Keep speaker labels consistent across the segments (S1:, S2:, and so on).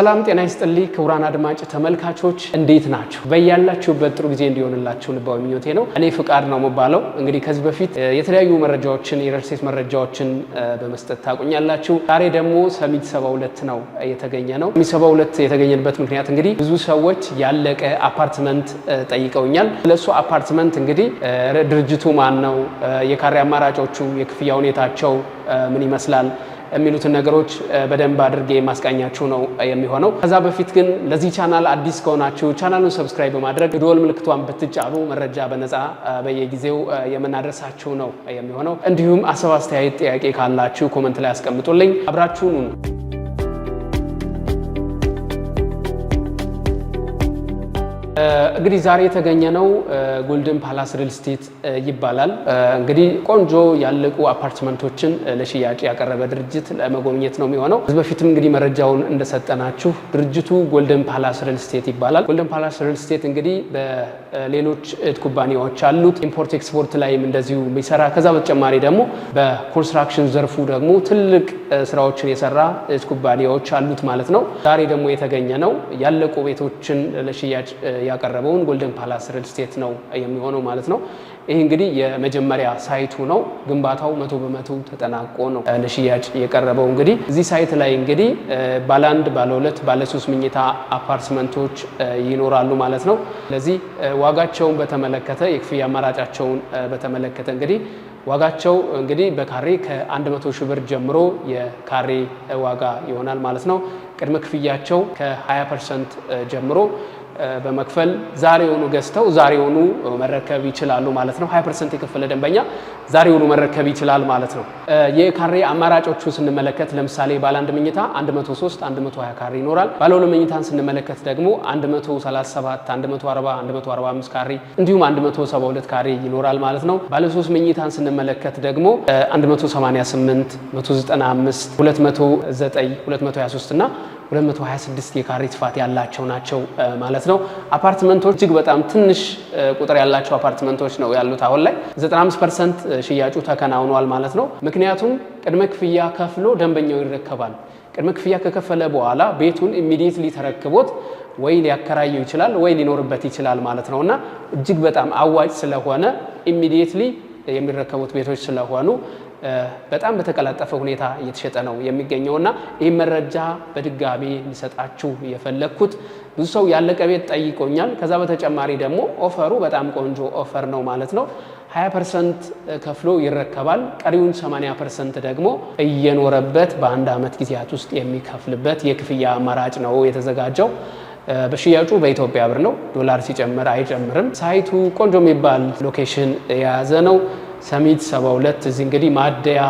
S1: ሰላም ጤና ይስጥልኝ ክቡራን አድማጭ ተመልካቾች እንዴት ናቸው? በያላችሁበት ጥሩ ጊዜ እንዲሆንላችሁ ልባዊ ምኞቴ ነው። እኔ ፍቃድ ነው የምባለው። እንግዲህ ከዚህ በፊት የተለያዩ መረጃዎችን የሪል መረጃዎችን በመስጠት ታቁኛላችሁ። ዛሬ ደግሞ ሰሚት ሁለት ነው የተገኘ ነው። ሰሚት ሁለት የተገኘንበት ምክንያት እንግዲህ ብዙ ሰዎች ያለቀ አፓርትመንት ጠይቀውኛል። ስለሱ አፓርትመንት እንግዲህ ድርጅቱ ማን ነው፣ የካሬ አማራጮቹ፣ የክፍያ ሁኔታቸው ምን ይመስላል የሚሉትን ነገሮች በደንብ አድርጌ የማስቃኛችሁ ነው የሚሆነው። ከዛ በፊት ግን ለዚህ ቻናል አዲስ ከሆናችሁ ቻናሉን ሰብስክራይብ በማድረግ የደወል ምልክቷን ብትጫኑ መረጃ በነፃ በየጊዜው የምናደርሳችሁ ነው የሚሆነው። እንዲሁም አሰብ፣ አስተያየት፣ ጥያቄ ካላችሁ ኮመንት ላይ አስቀምጡልኝ። አብራችሁኑ እንግዲህ ዛሬ የተገኘ ነው ጎልደን ፓላስ ሪል ስቴት ይባላል። እንግዲህ ቆንጆ ያለቁ አፓርትመንቶችን ለሽያጭ ያቀረበ ድርጅት ለመጎብኘት ነው የሚሆነው። ከዚህ በፊትም እንግዲህ መረጃውን እንደሰጠናችሁ ድርጅቱ ጎልደን ፓላስ ሪል ስቴት ይባላል። ጎልደን ፓላስ ሪል ስቴት እንግዲህ በሌሎች እህት ኩባንያዎች አሉት። ኢምፖርት ኤክስፖርት ላይም እንደዚሁ የሚሰራ ከዛ በተጨማሪ ደግሞ በኮንስትራክሽን ዘርፉ ደግሞ ትልቅ ስራዎችን የሰራ እህት ኩባንያዎች አሉት ማለት ነው። ዛሬ ደግሞ የተገኘ ነው ያለቁ ቤቶችን ለሽያጭ ያቀረበውን ጎልደን ፓላስ ሪል ስቴት ነው የሚሆነው ማለት ነው። ይህ እንግዲህ የመጀመሪያ ሳይቱ ነው። ግንባታው መቶ በመቶ ተጠናቆ ነው ለሽያጭ የቀረበው። እንግዲህ እዚህ ሳይት ላይ እንግዲህ ባለ አንድ፣ ባለ ሁለት፣ ባለ ሶስት ምኝታ አፓርትመንቶች ይኖራሉ ማለት ነው። ስለዚህ ዋጋቸውን በተመለከተ የክፍያ አማራጫቸውን በተመለከተ እንግዲህ ዋጋቸው እንግዲህ በካሬ ከ100 ሺህ ብር ጀምሮ የካሬ ዋጋ ይሆናል ማለት ነው። ቅድመ ክፍያቸው ከ20 ፐርሰንት ጀምሮ በመክፈል ዛሬውኑ ገዝተው ዛሬውኑ መረከብ ይችላሉ ማለት ነው። 20 የከፈለ ደንበኛ ዛሬውኑ መረከብ ይችላል ማለት ነው። የካሬ አማራጮቹ ስንመለከት ለምሳሌ ባለ አንድ መኝታ 103 120 ካሬ ይኖራል። ባለ ሁለት መኝታን ስንመለከት ደግሞ 137 140 145 ካሬ እንዲሁም 172 ካሬ ይኖራል ማለት ነው። ባለ ሶስት መኝታን ስንመለከት ደግሞ 188 195 209 223 እና 226 የካሬ ስፋት ያላቸው ናቸው ማለት ነው። አፓርትመንቶች እጅግ በጣም ትንሽ ቁጥር ያላቸው አፓርትመንቶች ነው ያሉት። አሁን ላይ 95 ፐርሰንት ሽያጩ ተከናውኗል ማለት ነው። ምክንያቱም ቅድመ ክፍያ ከፍሎ ደንበኛው ይረከባል። ቅድመ ክፍያ ከከፈለ በኋላ ቤቱን ኢሚዲየትሊ ተረክቦት ወይ ሊያከራየው ይችላል ወይ ሊኖርበት ይችላል ማለት ነው እና እጅግ በጣም አዋጭ ስለሆነ ኢሚዲየትሊ የሚረከቡት ቤቶች ስለሆኑ በጣም በተቀላጠፈ ሁኔታ እየተሸጠ ነው የሚገኘው እና ይህ መረጃ በድጋሚ ሊሰጣችሁ የፈለግኩት ብዙ ሰው ያለቀ ቤት ጠይቆኛል። ከዛ በተጨማሪ ደግሞ ኦፈሩ በጣም ቆንጆ ኦፈር ነው ማለት ነው። 20 ፐርሰንት ከፍሎ ይረከባል። ቀሪውን 80 ፐርሰንት ደግሞ እየኖረበት በአንድ ዓመት ጊዜያት ውስጥ የሚከፍልበት የክፍያ አማራጭ ነው የተዘጋጀው። በሽያጩ በኢትዮጵያ ብር ነው። ዶላር ሲጨምር አይጨምርም። ሳይቱ ቆንጆ የሚባል ሎኬሽን የያዘ ነው። ሰሚት 72 እዚህ እንግዲህ ማደያ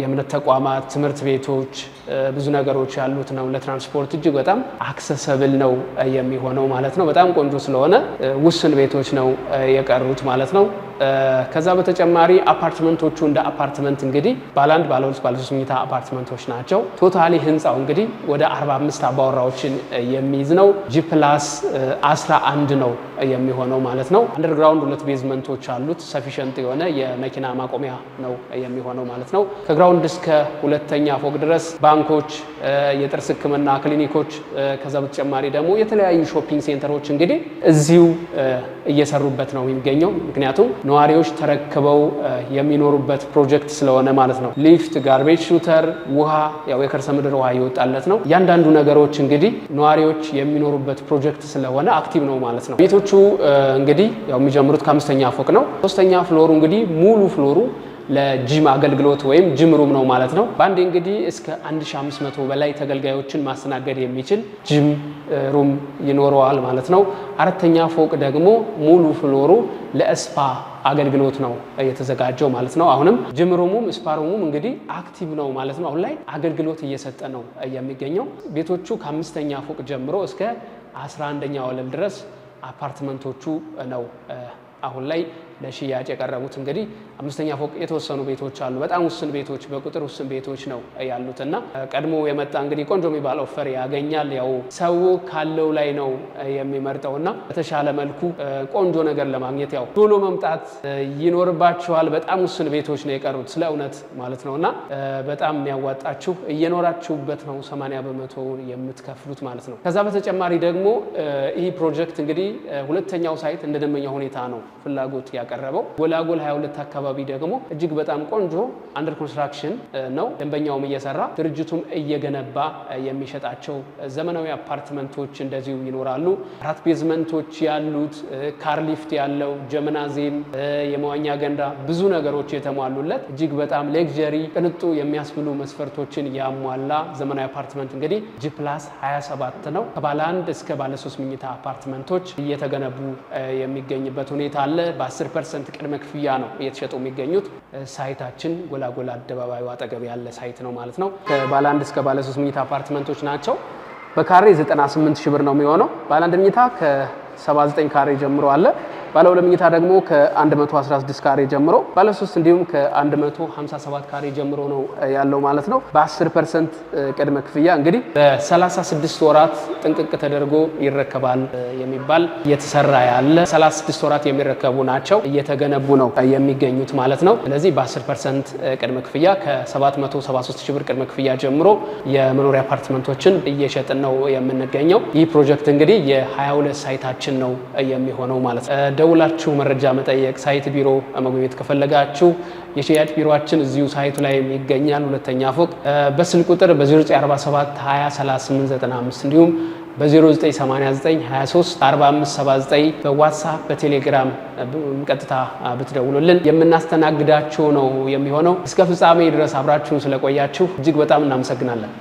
S1: የእምነት ተቋማት፣ ትምህርት ቤቶች ብዙ ነገሮች ያሉት ነው። ለትራንስፖርት እጅግ በጣም አክሰሰብል ነው የሚሆነው ማለት ነው። በጣም ቆንጆ ስለሆነ ውስን ቤቶች ነው የቀሩት ማለት ነው። ከዛ በተጨማሪ አፓርትመንቶቹ እንደ አፓርትመንት እንግዲህ ባለአንድ፣ ባለሁለት፣ ባለሶስት መኝታ አፓርትመንቶች ናቸው። ቶታሊ ህንፃው እንግዲህ ወደ 45 አባወራዎችን የሚይዝ ነው። ጂ ፕላስ 11 ነው የሚሆነው ማለት ነው። አንደርግራውንድ ሁለት ቤዝመንቶች አሉት። ሰፊሸንት የሆነ የመኪና ማቆሚያ ነው የሚሆነው ማለት ነው። ከግራውንድ እስከ ሁለተኛ ፎቅ ድረስ ባንኮች፣ የጥርስ ህክምና ክሊኒኮች፣ ከዛ በተጨማሪ ደግሞ የተለያዩ ሾፒንግ ሴንተሮች እንግዲህ እዚሁ እየሰሩበት ነው የሚገኘው። ምክንያቱም ነዋሪዎች ተረክበው የሚኖሩበት ፕሮጀክት ስለሆነ ማለት ነው። ሊፍት፣ ጋርቤጅ ሹተር፣ ውሃ፣ ያው የከርሰ ምድር ውሃ እየወጣለት ነው። እያንዳንዱ ነገሮች እንግዲህ ነዋሪዎች የሚኖሩበት ፕሮጀክት ስለሆነ አክቲቭ ነው ማለት ነው። ቤቶቹ እንግዲህ ያው የሚጀምሩት ከአምስተኛ ፎቅ ነው። ሶስተኛ ፍሎሩ እንግዲህ ሙሉ ፍሎሩ ለጂም አገልግሎት ወይም ጂም ሩም ነው ማለት ነው። በአንድ እንግዲህ እስከ 1500 በላይ ተገልጋዮችን ማስተናገድ የሚችል ጂም ሩም ይኖረዋል ማለት ነው። አራተኛ ፎቅ ደግሞ ሙሉ ፍሎሩ ለእስፓ አገልግሎት ነው የተዘጋጀው ማለት ነው። አሁንም ጅም ሩሙም ስፓ ሩሙም እንግዲህ አክቲቭ ነው ማለት ነው። አሁን ላይ አገልግሎት እየሰጠ ነው የሚገኘው። ቤቶቹ ከአምስተኛ ፎቅ ጀምሮ እስከ 11ኛ ወለል ድረስ አፓርትመንቶቹ ነው አሁን ላይ ለሽያጭ የቀረቡት እንግዲህ አምስተኛ ፎቅ የተወሰኑ ቤቶች አሉ። በጣም ውስን ቤቶች፣ በቁጥር ውስን ቤቶች ነው ያሉት እና ቀድሞ የመጣ እንግዲህ ቆንጆ የሚባል ኦፈር ያገኛል። ያው ሰው ካለው ላይ ነው የሚመርጠው እና በተሻለ መልኩ ቆንጆ ነገር ለማግኘት ያው ቶሎ መምጣት ይኖርባችኋል። በጣም ውስን ቤቶች ነው የቀሩት ስለ እውነት ማለት ነው እና በጣም የሚያዋጣችሁ እየኖራችሁበት ነው ሰማንያ በመቶ የምትከፍሉት ማለት ነው። ከዛ በተጨማሪ ደግሞ ይህ ፕሮጀክት እንግዲህ ሁለተኛው ሳይት እንደ ሁኔታ ነው ፍላጎት ያቀረበው። ጎላጎል 22 አካባቢ ደግሞ እጅግ በጣም ቆንጆ አንደር ኮንስትራክሽን ነው። ደንበኛውም እየሰራ ድርጅቱም እየገነባ የሚሸጣቸው ዘመናዊ አፓርትመንቶች እንደዚሁ ይኖራሉ። አራት ቤዝመንቶች ያሉት ካርሊፍት ያለው ጀምናዚየም፣ የመዋኛ ገንዳ፣ ብዙ ነገሮች የተሟሉለት እጅግ በጣም ሌግጀሪ ቅንጡ የሚያስብሉ መስፈርቶችን ያሟላ ዘመናዊ አፓርትመንት እንግዲህ ጂ ፕላስ 27 ነው። ከባለ አንድ እስከ ባለ ሶስት ምኝታ አፓርትመንቶች እየተገነቡ የሚገኝበት ሁኔታ አለ በ10 ፐርሰንት ቅድመ ክፍያ ነው እየተሸጡ የሚገኙት። ሳይታችን ጎላጎላ አደባባዩ አጠገብ ያለ ሳይት ነው ማለት ነው። ከባለ አንድ እስከ ባለ ሶስት ምኝታ አፓርትመንቶች ናቸው። በካሬ 98 ሺ ብር ነው የሚሆነው። ባለ አንድ ምኝታ ከ79 ካሬ ጀምሮ አለ። ባለ ሁለት መኝታ ደግሞ ከ116 ካሬ ጀምሮ ባለ 3 እንዲሁም ከ157 ካሬ ጀምሮ ነው ያለው ማለት ነው። በ10 ፐርሰንት ቅድመ ክፍያ እንግዲህ በ36 ወራት ጥንቅቅ ተደርጎ ይረከባል የሚባል እየተሰራ ያለ 36 ወራት የሚረከቡ ናቸው እየተገነቡ ነው የሚገኙት ማለት ነው። ስለዚህ በ10 ፐርሰንት ቅድመ ክፍያ ከ773 ሺ ብር ቅድመ ክፍያ ጀምሮ የመኖሪያ አፓርትመንቶችን እየሸጥን ነው የምንገኘው። ይህ ፕሮጀክት እንግዲህ የ22 ሳይታችን ነው የሚሆነው ማለት ነው። ደውላችሁ መረጃ መጠየቅ፣ ሳይት ቢሮ መጎብኘት ከፈለጋችሁ የሽያጭ ቢሮችን እዚሁ ሳይቱ ላይ ይገኛል፣ ሁለተኛ ፎቅ በስል ቁጥር በ0947 203895 እንዲሁም በ0989234579 በዋትሳፕ በቴሌግራም ቀጥታ ብትደውሉልን የምናስተናግዳችሁ ነው የሚሆነው። እስከ ፍጻሜ ድረስ አብራችሁን ስለቆያችሁ እጅግ በጣም እናመሰግናለን።